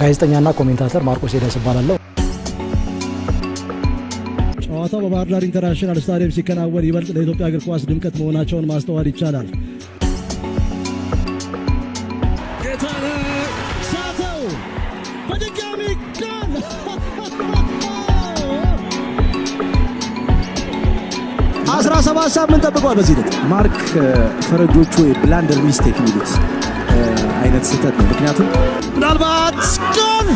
ጋዜጠኛና ኮሜንታተር ማርቆስ ሄደስ እባላለሁ። ጨዋታው በባህር ዳር ኢንተርናሽናል ስታዲየም ሲከናወን ይበልጥ ለኢትዮጵያ እግር ኳስ ድምቀት መሆናቸውን ማስተዋል ይቻላል። አስራ ሰባት ሳምንት ጠብቋል። በዚህ ሂደት ማርክ ፈረጆቹ የብላንደር ሚስቴክ የሚሉት አይነት ስህተት ነው። ምክንያቱም ምናልባት ግን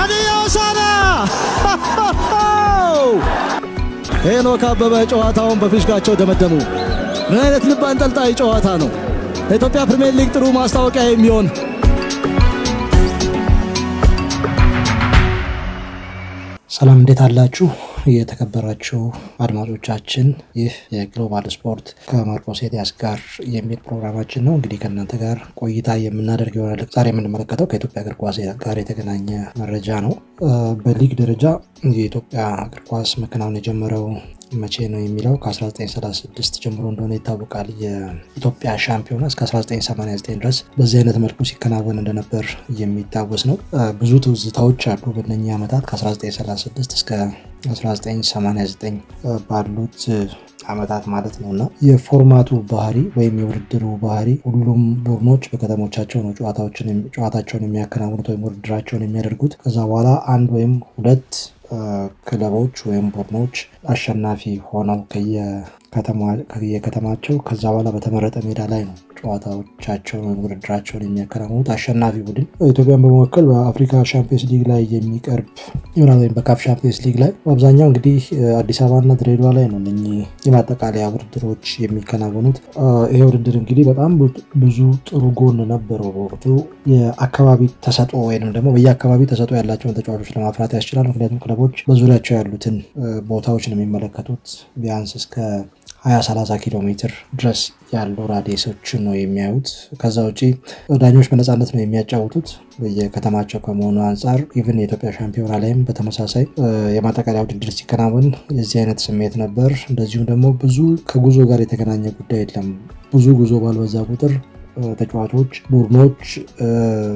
አዲዮ ሳላ ሄኖክ አበበ ጨዋታውን በፊሽካቸው ደመደሙ። ምን አይነት ልብ አንጠልጣይ ጨዋታ ነው! ለኢትዮጵያ ፕሪምየር ሊግ ጥሩ ማስታወቂያ የሚሆን ሰላም፣ እንዴት አላችሁ? የተከበራችሁ አድማጮቻችን ይህ የግሎባል ስፖርት ከማርቆስ ኤልያስ ጋር የሚል ፕሮግራማችን ነው። እንግዲህ ከእናንተ ጋር ቆይታ የምናደርግ ይሆናል። ዛሬ የምንመለከተው ከኢትዮጵያ እግር ኳስ ጋር የተገናኘ መረጃ ነው። በሊግ ደረጃ የኢትዮጵያ እግር ኳስ መከናወን የጀመረው መቼ ነው የሚለው ከ1936 ጀምሮ እንደሆነ ይታወቃል። የኢትዮጵያ ሻምፒዮና እስከ 1989 ድረስ በዚህ አይነት መልኩ ሲከናወን እንደነበር የሚታወስ ነው። ብዙ ትውዝታዎች አሉ። በእነኚህ ዓመታት ከ1936 እስከ 1989 ባሉት ዓመታት ማለት ነው እና የፎርማቱ ባህሪ ወይም የውድድሩ ባህሪ ሁሉም ቡድኖች በከተሞቻቸው ነው ጨዋታቸውን የሚያከናውኑት ወይም ውድድራቸውን የሚያደርጉት። ከዛ በኋላ አንድ ወይም ሁለት ክለቦች ወይም ቡድኖች አሸናፊ ሆነው ከየከተማቸው ከዛ በኋላ በተመረጠ ሜዳ ላይ ነው ጨዋታዎቻቸውን ውድድራቸውን የሚያከናውኑት አሸናፊ ቡድን ኢትዮጵያን በመወከል በአፍሪካ ሻምፒዮንስ ሊግ ላይ የሚቀርብ ይሆናል። ወይም በካፍ ሻምፒዮንስ ሊግ ላይ በአብዛኛው እንግዲህ አዲስ አበባና ድሬዳዋ ላይ ነው እ የማጠቃለያ ውድድሮች የሚከናወኑት። ይሄ ውድድር እንግዲህ በጣም ብዙ ጥሩ ጎን ነበረው በወቅቱ የአካባቢ ተሰጦ ወይም ደግሞ በየአካባቢ ተሰጦ ያላቸውን ተጫዋቾች ለማፍራት ያስችላል። ምክንያቱም ክለቦች በዙሪያቸው ያሉትን ቦታዎች ነው የሚመለከቱት ቢያንስ እስከ 20-30 ኪሎ ሜትር ድረስ ያሉ ራዲየሶችን ነው የሚያዩት። ከዛ ውጪ ዳኞች በነፃነት ነው የሚያጫውቱት በየከተማቸው ከመሆኑ አንጻር ኢቭን የኢትዮጵያ ሻምፒዮና ላይም በተመሳሳይ የማጠቃለያ ውድድር ሲከናወን የዚህ አይነት ስሜት ነበር። እንደዚሁም ደግሞ ብዙ ከጉዞ ጋር የተገናኘ ጉዳይ የለም። ብዙ ጉዞ ባልበዛ ቁጥር ተጫዋቾች፣ ቡድኖች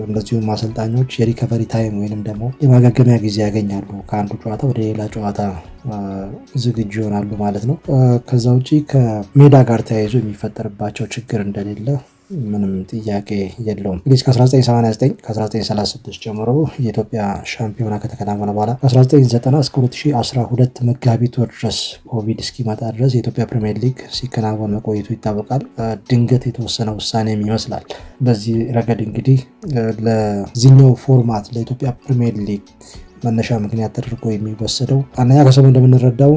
እንደዚሁም አሰልጣኞች የሪከቨሪ ታይም ወይንም ደግሞ የማገገሚያ ጊዜ ያገኛሉ። ከአንዱ ጨዋታ ወደ ሌላ ጨዋታ ዝግጁ ይሆናሉ ማለት ነው። ከዛ ውጪ ከሜዳ ጋር ተያይዞ የሚፈጠርባቸው ችግር እንደሌለ ምንም ጥያቄ የለውም። እንግዲህ ከ1989 ከ1936 ጀምሮ የኢትዮጵያ ሻምፒዮና ከተከናወነ በኋላ ከ1990 እስከ 2012 መጋቢት ወር ድረስ ኮቪድ እስኪመጣ ድረስ የኢትዮጵያ ፕሪሚየር ሊግ ሲከናወን መቆየቱ ይታወቃል። ድንገት የተወሰነ ውሳኔም ይመስላል። በዚህ ረገድ እንግዲህ ለዚህኛው ፎርማት ለኢትዮጵያ ፕሪሚየር ሊግ መነሻ ምክንያት ተደርጎ የሚወሰደው አናያ ከሰሙ እንደምንረዳው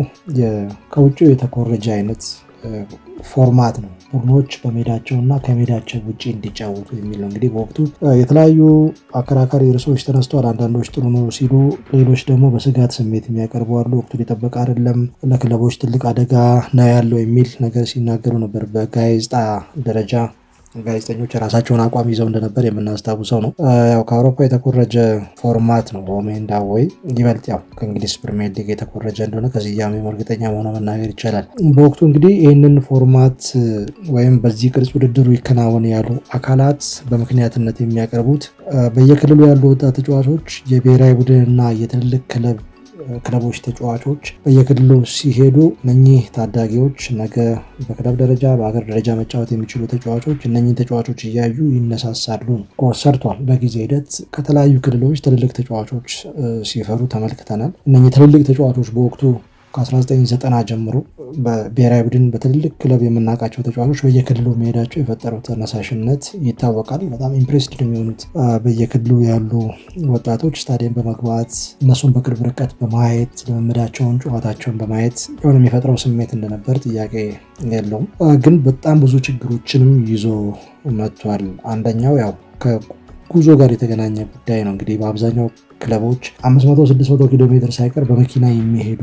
ከውጭ የተኮረጀ አይነት ፎርማት ነው። ቡድኖች በሜዳቸውና ከሜዳቸው ውጭ እንዲጫወቱ የሚል ነው። እንግዲህ በወቅቱ የተለያዩ አከራካሪ እርሶች ተነስተዋል። አንዳንዶች ጥሩ ነው ሲሉ፣ ሌሎች ደግሞ በስጋት ስሜት የሚያቀርቡ አሉ። ወቅቱን የጠበቀ አይደለም፣ ለክለቦች ትልቅ አደጋ ነው ያለው የሚል ነገር ሲናገሩ ነበር በጋዜጣ ደረጃ ጋዜጠኞች የራሳቸውን አቋም ይዘው እንደነበር የምናስታውሰው ነው። ያው ከአውሮፓ የተኮረጀ ፎርማት ነው። ኦሜንዳ ወይ ይበልጥ ያው ከእንግሊዝ ፕሪሚየር ሊግ የተኮረጀ እንደሆነ ከዚያም እርግጠኛ መሆኑ መናገር ይቻላል። በወቅቱ እንግዲህ ይህንን ፎርማት ወይም በዚህ ቅርጽ ውድድሩ ይከናወን ያሉ አካላት በምክንያትነት የሚያቀርቡት በየክልሉ ያሉ ወጣት ተጫዋቾች የብሔራዊ ቡድንና የትልልቅ ክለብ ክለቦች ተጫዋቾች በየክልሉ ሲሄዱ እነኚህ ታዳጊዎች ነገ በክለብ ደረጃ በሀገር ደረጃ መጫወት የሚችሉ ተጫዋቾች እነህ ተጫዋቾች እያዩ ይነሳሳሉ። ሰርቷል። በጊዜ ሂደት ከተለያዩ ክልሎች ትልልቅ ተጫዋቾች ሲፈሩ ተመልክተናል። እነኚህ ትልልቅ ተጫዋቾች በወቅቱ ከ1990 ጀምሮ በብሔራዊ ቡድን በትልልቅ ክለብ የምናውቃቸው ተጫዋቾች በየክልሉ መሄዳቸው የፈጠረው ተነሳሽነት ይታወቃል። በጣም ኢምፕሬስድ የሚሆኑት በየክልሉ ያሉ ወጣቶች ስታዲየም በመግባት እነሱን በቅርብ ርቀት በማየት ልምምዳቸውን፣ ጨዋታቸውን በማየት የሆነ የሚፈጥረው ስሜት እንደነበር ጥያቄ የለውም። ግን በጣም ብዙ ችግሮችንም ይዞ መጥቷል። አንደኛው ያው ከጉዞ ጋር የተገናኘ ጉዳይ ነው። እንግዲህ በአብዛኛው ክለቦች 500 600 ኪሎ ሜትር ሳይቀር በመኪና የሚሄዱ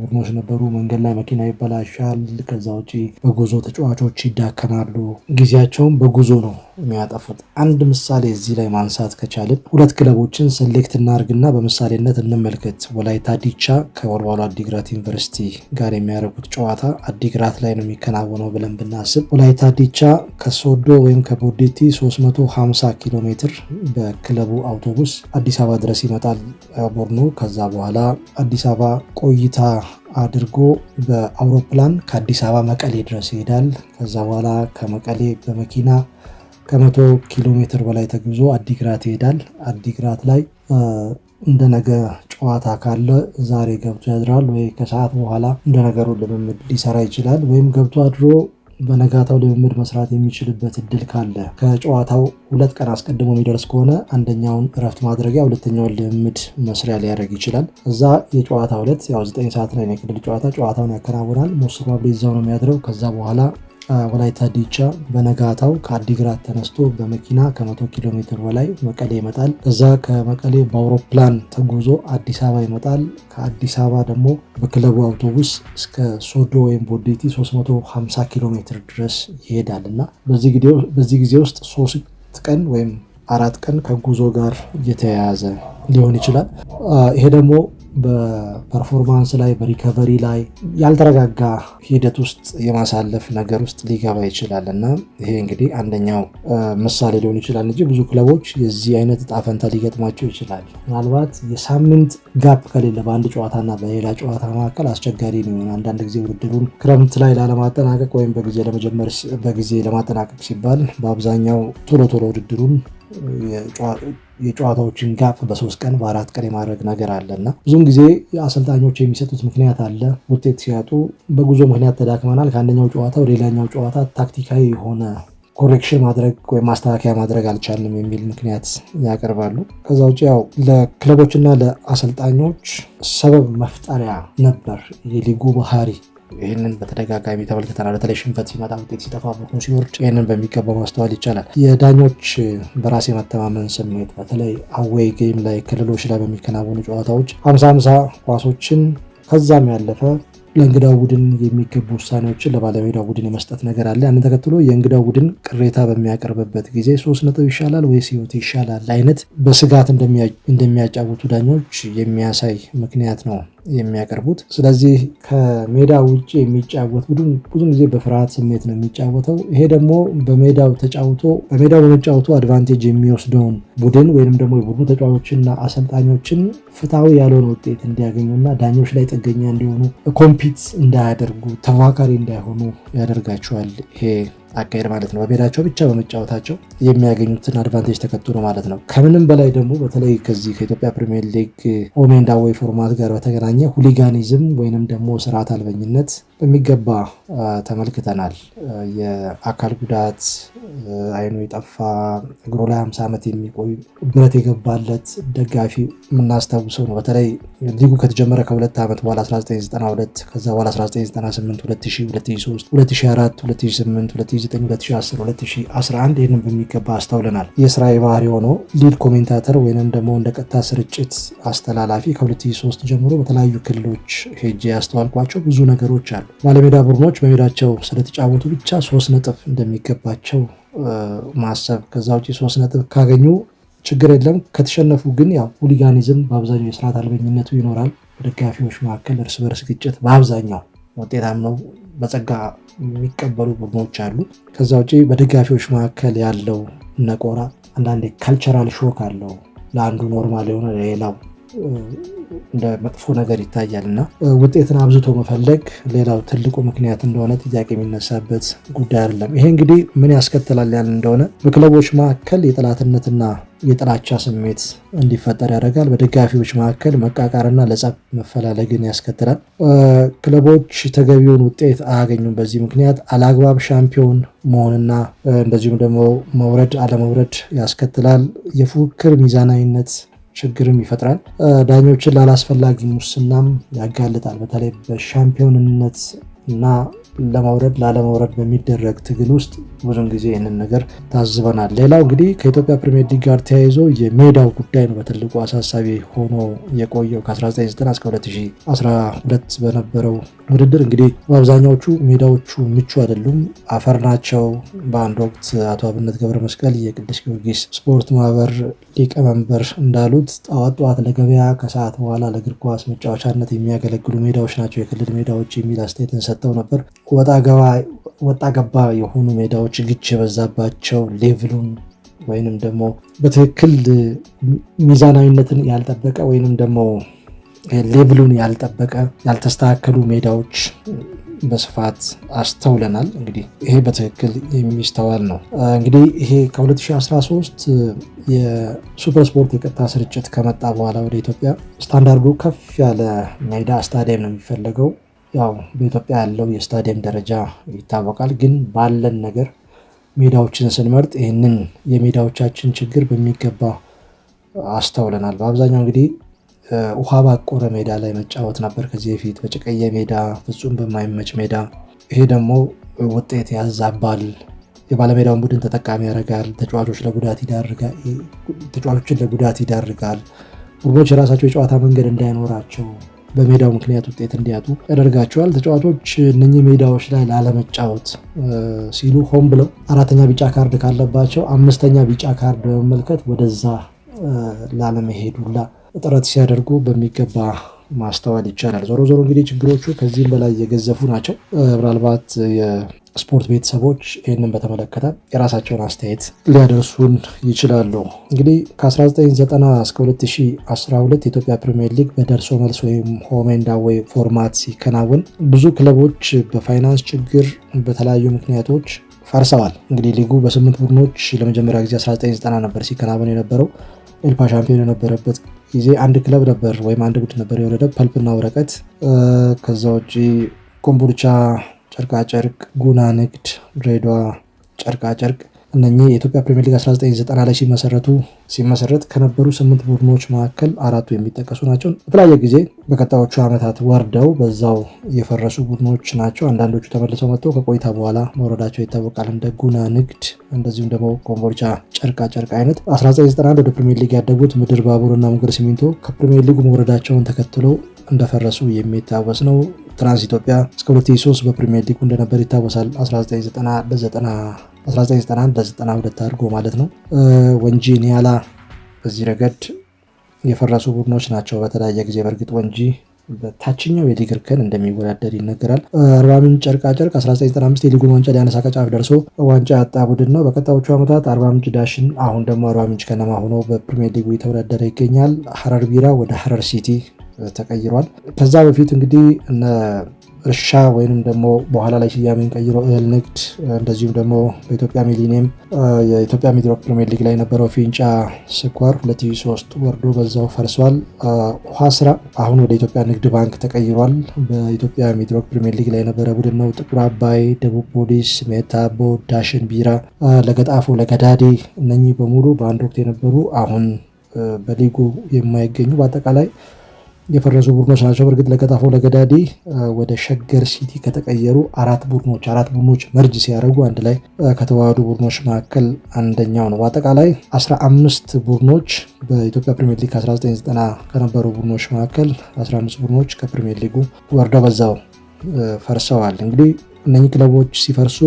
ቡድኖች ነበሩ። መንገድ ላይ መኪና ይበላሻል። ከዛ ውጪ በጉዞ ተጫዋቾች ይዳከማሉ። ጊዜያቸውን በጉዞ ነው የሚያጠፉት። አንድ ምሳሌ እዚህ ላይ ማንሳት ከቻልን ሁለት ክለቦችን ሰሌክት እናርግና በምሳሌነት እንመልከት። ወላይታ ዲቻ ከወልዋሎ አዲግራት ዩኒቨርሲቲ ጋር የሚያደርጉት ጨዋታ አዲግራት ላይ ነው የሚከናወነው ብለን ብናስብ ወላይታ ዲቻ ከሶዶ ወይም ከቦዴቲ 350 ኪሎ ሜትር በክለቡ አውቶቡስ አዲስ አበባ ድረስ ይመጣል ቡድኑ። ከዛ በኋላ አዲስ አበባ ቆይታ አድርጎ በአውሮፕላን ከአዲስ አበባ መቀሌ ድረስ ይሄዳል። ከዛ በኋላ ከመቀሌ በመኪና ከመቶ ኪሎ ሜትር በላይ ተጉዞ አዲግራት ይሄዳል። አዲግራት ላይ እንደ ነገ ጨዋታ ካለ ዛሬ ገብቶ ያድራል ወይ ከሰዓት በኋላ እንደ ነገሩ ልምምድ ሊሰራ ይችላል ወይም ገብቶ አድሮ በነጋታው ልምምድ መስራት የሚችልበት እድል ካለ ከጨዋታው ሁለት ቀን አስቀድሞ የሚደርስ ከሆነ አንደኛውን እረፍት ማድረጊያ ሁለተኛውን ልምምድ መስሪያ ሊያደርግ ይችላል። እዛ የጨዋታ ሁለት ያው ዘጠኝ ሰዓት ላይ የክልል ጨዋታ ጨዋታውን ያከናውናል። ሞስኮ አብሬ እዛው ነው የሚያድረው። ከዛ በኋላ ወላይታ ዲቻ በነጋታው ከአዲግራት ተነስቶ በመኪና ከ100 ኪሎ ሜትር በላይ መቀሌ ይመጣል። ከዛ ከመቀሌ በአውሮፕላን ተጉዞ አዲስ አበባ ይመጣል። ከአዲስ አበባ ደግሞ በክለቡ አውቶቡስ እስከ ሶዶ ወይም ቦዴቲ 350 ኪሎ ሜትር ድረስ ይሄዳል እና በዚህ ጊዜ ውስጥ ሶስት ቀን ወይም አራት ቀን ከጉዞ ጋር እየተያያዘ ሊሆን ይችላል። ይሄ ደግሞ በፐርፎርማንስ ላይ በሪከቨሪ ላይ ያልተረጋጋ ሂደት ውስጥ የማሳለፍ ነገር ውስጥ ሊገባ ይችላል እና ይሄ እንግዲህ አንደኛው ምሳሌ ሊሆን ይችላል እንጂ ብዙ ክለቦች የዚህ አይነት እጣ ፈንታ ሊገጥማቸው ይችላል። ምናልባት የሳምንት ጋፕ ከሌለ በአንድ ጨዋታና በሌላ ጨዋታ መካከል አስቸጋሪ ነው። አንዳንድ ጊዜ ውድድሩን ክረምት ላይ ላለማጠናቀቅ ወይም በጊዜ ለመጀመር በጊዜ ለማጠናቀቅ ሲባል በአብዛኛው ቶሎ ቶሎ ውድድሩን የጨዋታዎችን ጋፕ በሶስት ቀን በአራት ቀን የማድረግ ነገር አለ እና ብዙን ጊዜ አሰልጣኞች የሚሰጡት ምክንያት አለ። ውጤት ሲያጡ በጉዞ ምክንያት ተዳክመናል፣ ከአንደኛው ጨዋታ ወደ ሌላኛው ጨዋታ ታክቲካዊ የሆነ ኮሬክሽን ማድረግ ወይም ማስተካከያ ማድረግ አልቻልም የሚል ምክንያት ያቀርባሉ። ከዛ ውጭ ያው ለክለቦችና ለአሰልጣኞች ሰበብ መፍጠሪያ ነበር የሊጉ ባህሪ ይህንን በተደጋጋሚ ተመልክተናል። በተለይ ሽንፈት ሲመጣ፣ ውጤት ሲጠፋ፣ ቡድኑ ሲወርድ ይህንን በሚገባው ማስተዋል ይቻላል። የዳኞች በራስ የመተማመን ስሜት በተለይ አዌይ ጌም ላይ ክልሎች ላይ በሚከናወኑ ጨዋታዎች ሀምሳ ሀምሳ ኳሶችን ከዛም ያለፈ ለእንግዳ ቡድን የሚገቡ ውሳኔዎችን ለባለሜዳ ቡድን የመስጠት ነገር አለ። ያንን ተከትሎ የእንግዳ ቡድን ቅሬታ በሚያቀርብበት ጊዜ ሶስት ነጥብ ይሻላል ወይስ ህይወት ይሻላል አይነት በስጋት እንደሚያጫውቱ ዳኞች የሚያሳይ ምክንያት ነው። የሚያቀርቡት። ስለዚህ ከሜዳ ውጭ የሚጫወት ቡድን ብዙን ጊዜ በፍርሃት ስሜት ነው የሚጫወተው። ይሄ ደግሞ በሜዳው ተጫውቶ በሜዳው በመጫወቱ አድቫንቴጅ የሚወስደውን ቡድን ወይንም ደግሞ የቡድኑ ተጫዋቾችና አሰልጣኞችን ፍትሐዊ ያልሆነ ውጤት እንዲያገኙና ዳኞች ላይ ጥገኛ እንዲሆኑ፣ ኮምፒት እንዳያደርጉ፣ ተፎካካሪ እንዳይሆኑ ያደርጋቸዋል ይሄ አካሄድ ማለት ነው። በሜዳቸው ብቻ በመጫወታቸው የሚያገኙትን አድቫንቴጅ ተከትሎ ማለት ነው። ከምንም በላይ ደግሞ በተለይ ከዚህ ከኢትዮጵያ ፕሪሚየር ሊግ ኦሜንዳዊ ፎርማት ጋር በተገናኘ ሁሊጋኒዝም ወይንም ደግሞ ስርዓት አልበኝነት በሚገባ ተመልክተናል። የአካል ጉዳት፣ አይኑ የጠፋ እግሩ ላይ 50 ዓመት የሚቆይ ብረት የገባለት ደጋፊ የምናስታውሰው ነው። በተለይ ሊጉ ከተጀመረ ከሁለት ዓመት በኋላ 1992 ከዛ በኋላ 1998 2003 2004 2008 2009 2011 ይህንን በሚገባ አስተውለናል። የስራ የባህሪ ሆኖ ሊድ ኮሜንታተር ወይንም ደግሞ እንደ ቀጥታ ስርጭት አስተላላፊ ከ2003 ጀምሮ በተለያዩ ክልሎች ሄጄ ያስተዋልኳቸው ብዙ ነገሮች አሉ። ባለሜዳ ቡድኖች በሜዳቸው ስለተጫወቱ ብቻ ሶስት ነጥብ እንደሚገባቸው ማሰብ ከዛ ውጭ ሶስት ነጥብ ካገኙ ችግር የለም። ከተሸነፉ ግን ያው ሁሊጋኒዝም በአብዛኛው የስርዓት አልበኝነቱ ይኖራል። በደጋፊዎች መካከል እርስ በርስ ግጭት በአብዛኛው ውጤታም ነው በጸጋ የሚቀበሉ ቡድኖች አሉ። ከዛ ውጭ በደጋፊዎች መካከል ያለው ነቆራ አንዳንዴ ካልቸራል ሾክ አለው። ለአንዱ ኖርማል የሆነ ለሌላው እንደ መጥፎ ነገር ይታያል እና ውጤትን አብዝቶ መፈለግ ሌላው ትልቁ ምክንያት እንደሆነ ጥያቄ የሚነሳበት ጉዳይ አይደለም። ይሄ እንግዲህ ምን ያስከትላል ያል እንደሆነ በክለቦች መካከል የጠላትነትና የጥላቻ ስሜት እንዲፈጠር ያደርጋል። በደጋፊዎች መካከል መቃቃርና ለጸብ መፈላለግን ያስከትላል። ክለቦች ተገቢውን ውጤት አያገኙም። በዚህ ምክንያት አላግባብ ሻምፒዮን መሆንና እንደዚሁም ደግሞ መውረድ አለመውረድ ያስከትላል። የፉክክር ሚዛናዊነት ችግርም ይፈጥራል። ዳኞችን ላላስፈላጊ ሙስናም ያጋልጣል። በተለይ በሻምፒዮንነት እና ለመውረድ ላለመውረድ በሚደረግ ትግል ውስጥ ብዙን ጊዜ ይህንን ነገር ታዝበናል። ሌላው እንግዲህ ከኢትዮጵያ ፕሪሚየር ሊግ ጋር ተያይዞ የሜዳው ጉዳይ ነው በትልቁ አሳሳቢ ሆኖ የቆየው። ከ1990 እስከ 2012 በነበረው ውድድር እንግዲህ በአብዛኛዎቹ ሜዳዎቹ ምቹ አይደሉም፣ አፈር ናቸው። በአንድ ወቅት አቶ አብነት ገብረ መስቀል የቅዱስ ጊዮርጊስ ስፖርት ማህበር ሊቀመንበር እንዳሉት ጠዋት ጠዋት ለገበያ ከሰዓት በኋላ ለእግር ኳስ መጫወቻነት የሚያገለግሉ ሜዳዎች ናቸው የክልል ሜዳዎች የሚል አስተያየት ሰጥተው ነበር። ወጣ ገባ የሆኑ ሜዳዎች፣ ግጭ የበዛባቸው ሌቭሉን ወይንም ደግሞ በትክክል ሚዛናዊነትን ያልጠበቀ ወይንም ደግሞ ሌቭሉን ያልጠበቀ ያልተስተካከሉ ሜዳዎች በስፋት አስተውለናል። እንግዲህ ይሄ በትክክል የሚስተዋል ነው። እንግዲህ ይሄ ከ2013 የሱፐር ስፖርት የቀጥታ ስርጭት ከመጣ በኋላ ወደ ኢትዮጵያ ስታንዳርዱ ከፍ ያለ ሜዳ ስታዲየም ነው የሚፈለገው። ያው በኢትዮጵያ ያለው የስታዲየም ደረጃ ይታወቃል። ግን ባለን ነገር ሜዳዎችን ስንመርጥ ይህንን የሜዳዎቻችን ችግር በሚገባ አስተውለናል። በአብዛኛው እንግዲህ ውሃ ባቆረ ሜዳ ላይ መጫወት ነበር ከዚህ በፊት በጭቀየ ሜዳ፣ ፍጹም በማይመች ሜዳ። ይሄ ደግሞ ውጤት ያዛባል፣ የባለሜዳውን ቡድን ተጠቃሚ ያደርጋል፣ ተጫዋቾች ለጉዳት ይዳርጋል፣ ተጫዋቾችን ለጉዳት ይዳርጋል፣ ቡድኖች የራሳቸው የጨዋታ መንገድ እንዳይኖራቸው በሜዳው ምክንያት ውጤት እንዲያጡ ያደርጋቸዋል። ተጫዋቾች እነኚህ ሜዳዎች ላይ ላለመጫወት ሲሉ ሆን ብለው አራተኛ ቢጫ ካርድ ካለባቸው አምስተኛ ቢጫ ካርድ በመመልከት ወደዛ ላለመሄዱላ ጥረት ሲያደርጉ በሚገባ ማስተዋል ይቻላል። ዞሮ ዞሮ እንግዲህ ችግሮቹ ከዚህም በላይ የገዘፉ ናቸው። ምናልባት የስፖርት ቤተሰቦች ይህንን በተመለከተ የራሳቸውን አስተያየት ሊያደርሱን ይችላሉ። እንግዲህ ከ1990 እስከ 2012 የኢትዮጵያ ፕሪሚየር ሊግ በደርሶ መልስ ወይም ሆም ኤንድ አዌይ ፎርማት ሲከናወን ብዙ ክለቦች በፋይናንስ ችግር በተለያዩ ምክንያቶች ፈርሰዋል። እንግዲህ ሊጉ በስምንት ቡድኖች ለመጀመሪያ ጊዜ 1990 ነበር ሲከናወን የነበረው ኤልፓ ሻምፒዮን የነበረበት ጊዜ አንድ ክለብ ነበር ወይም አንድ ቡድን ነበር የወረደው፣ ፐልፕና ወረቀት። ከዛ ውጪ ኮምቦልቻ፣ ጨርቃጨርቅ፣ ጉና ንግድ፣ ድሬዳዋ ጨርቃ ጨርቅ እነኚህ የኢትዮጵያ ፕሪሚየር ሊግ 1990 ላይ ሲመሰረቱ ሲመሰረት ከነበሩ ስምንት ቡድኖች መካከል አራቱ የሚጠቀሱ ናቸው። በተለያየ ጊዜ በቀጣዮቹ ዓመታት ወርደው በዛው የፈረሱ ቡድኖች ናቸው። አንዳንዶቹ ተመልሰው መጥተው ከቆይታ በኋላ መውረዳቸው ይታወቃል። እንደ ጉና ንግድ፣ እንደዚሁም ደግሞ ኮምቦልቻ ጨርቃ ጨርቅ አይነት 1991 ወደ ፕሪሚየር ሊግ ያደጉት ምድር ባቡርና ሙገር ሲሚንቶ ከፕሪሚየር ሊጉ መውረዳቸውን ተከትለው እንደፈረሱ የሚታወስ ነው። ትራንስ ኢትዮጵያ እስከ 2003 በፕሪሚየር ሊጉ እንደነበር ይታወሳል። 1991 በ 92 አድርጎ ማለት ነው። ወንጂ ኒያላ በዚህ ረገድ የፈረሱ ቡድኖች ናቸው። በተለያየ ጊዜ በእርግጥ ወንጂ በታችኛው የሊግ እርከን እንደሚወዳደር ይነገራል። አርባ ምንጭ ጨርቃ ጨርቅ 1995 የሊጉን ዋንጫ ሊያነሳ ከጫፍ ደርሶ ዋንጫ ያጣ ቡድን ነው። በቀጣዮቹ ዓመታት አርባ ምንጭ ዳሽን፣ አሁን ደግሞ አርባ ምንጭ ከነማ ሆኖ በፕሪሚየር ሊጉ የተወዳደረ ይገኛል። ሀረር ቢራ ወደ ሀረር ሲቲ ተቀይሯል። ከዛ በፊት እንግዲህ እነ እርሻ ወይንም ደግሞ በኋላ ላይ ሽያሜን ቀይሮ እህል ንግድ፣ እንደዚሁም ደግሞ በኢትዮጵያ ሚሊኒየም የኢትዮጵያ ሚድሮክ ፕሪሚየር ሊግ ላይ የነበረው ፊንጫ ስኳር 2003 ወርዶ በዛው ፈርሷል። ውሃ ስራ አሁን ወደ ኢትዮጵያ ንግድ ባንክ ተቀይሯል። በኢትዮጵያ ሚድሮክ ፕሪሚየር ሊግ ላይ የነበረ ቡድን ነው። ጥቁር አባይ፣ ደቡብ ፖሊስ፣ ሜታቦ፣ ዳሽን ቢራ፣ ለገጣፎ፣ ለገዳዴ እነኚህ በሙሉ በአንድ ወቅት የነበሩ አሁን በሊጉ የማይገኙ በአጠቃላይ የፈረሱ ቡድኖች ናቸው። በእርግጥ ለቀጣፎ ለገዳዲ ወደ ሸገር ሲቲ ከተቀየሩ አራት ቡድኖች አራት ቡድኖች መርጅ ሲያደርጉ አንድ ላይ ከተዋሃዱ ቡድኖች መካከል አንደኛው ነው። በአጠቃላይ 15 ቡድኖች በኢትዮጵያ ፕሪሚየር ሊግ 1990 ከነበሩ ቡድኖች መካከል 15 ቡድኖች ከፕሪሚየር ሊጉ ወርደው በዛው ፈርሰዋል። እንግዲህ እነኚህ ክለቦች ሲፈርሱ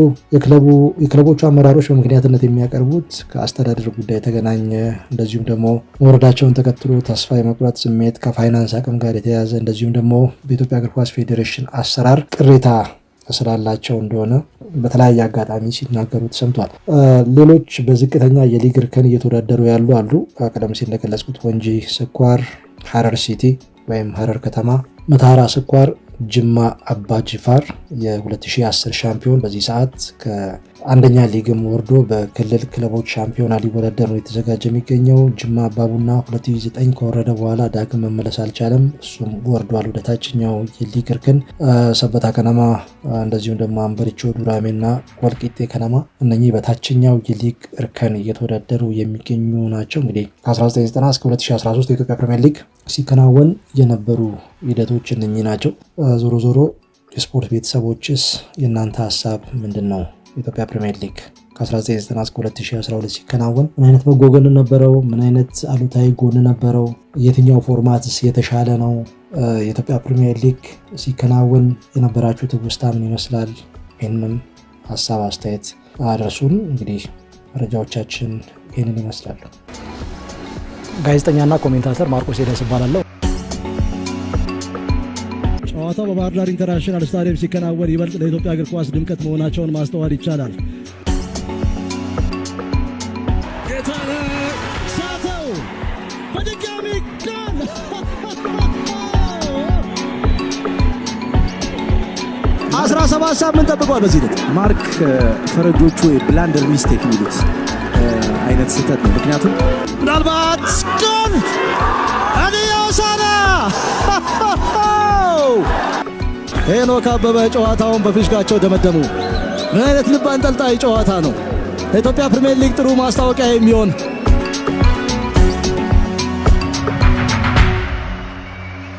የክለቦቹ አመራሮች በምክንያትነት የሚያቀርቡት ከአስተዳደር ጉዳይ የተገናኘ እንደዚሁም ደግሞ መውረዳቸውን ተከትሎ ተስፋ የመቁረጥ ስሜት ከፋይናንስ አቅም ጋር የተያያዘ እንደዚሁም ደግሞ በኢትዮጵያ እግር ኳስ ፌዴሬሽን አሰራር ቅሬታ ስላላቸው እንደሆነ በተለያየ አጋጣሚ ሲናገሩ ተሰምቷል። ሌሎች በዝቅተኛ የሊግ እርከን እየተወዳደሩ ያሉ አሉ። ቀደም ሲል እንደገለጽኩት ወንጂ ስኳር፣ ሀረር ሲቲ ወይም ሀረር ከተማ፣ መታራ ስኳር ጅማ አባ ጅፋር የ2010 ሻምፒዮን በዚህ ሰዓት አንደኛ ሊግም ወርዶ በክልል ክለቦች ሻምፒዮና ሊወዳደር ነው የተዘጋጀ የሚገኘው። ጅማ አባቡና 2009 ከወረደ በኋላ ዳግም መመለስ አልቻለም። እሱም ወርዷል ወደ ታችኛው የሊግ እርከን። ሰበታ ከነማ እንደዚሁም ደግሞ አንበሪቾ ዱራሜና ወልቂጤ ከነማ እነኚህ በታችኛው የሊግ እርከን እየተወዳደሩ የሚገኙ ናቸው። እንግዲህ ከ1990 እስከ 2013 የኢትዮጵያ ፕሪሚየር ሊግ ሲከናወን የነበሩ ሂደቶች እነኚህ ናቸው። ዞሮ ዞሮ የስፖርት ቤተሰቦችስ የእናንተ ሀሳብ ምንድን ነው? የኢትዮጵያ ፕሪሚየር ሊግ ከ1990 እስከ 2012 ሲከናወን ምን አይነት በጎ ጎን ነበረው? ምን አይነት አሉታዊ ጎን ነበረው? የትኛው ፎርማትስ የተሻለ ነው? የኢትዮጵያ ፕሪሚየር ሊግ ሲከናወን የነበራችሁ ትውስታ ምን ይመስላል? ይህንም ሀሳብ አስተያየት አድርሱን። እንግዲህ መረጃዎቻችን ይህንን ይመስላሉ። ጋዜጠኛና ኮሜንታተር ማርቆስ ሄደስ እባላለሁ። ጨዋታው በባህር ዳር ኢንተርናሽናል ስታዲየም ሲከናወን ይበልጥ ለኢትዮጵያ እግር ኳስ ድምቀት መሆናቸውን ማስተዋል ይቻላል። አስራ ሰባት ሳምንት ጠብቋል። በዚህ ዕለት ማርክ ፈረጆቹ ብላንደር ሚስቴክ የሚሉት አይነት ስህተት ነው። ምክንያቱም ምናልባት ጎል እኔ ያውሳና ሄኖክ አበበ ጨዋታውን በፊሽካቸው ደመደሙ። ምን አይነት ልብ አንጠልጣይ ጨዋታ ነው! ለኢትዮጵያ ፕሪምየር ሊግ ጥሩ ማስታወቂያ የሚሆን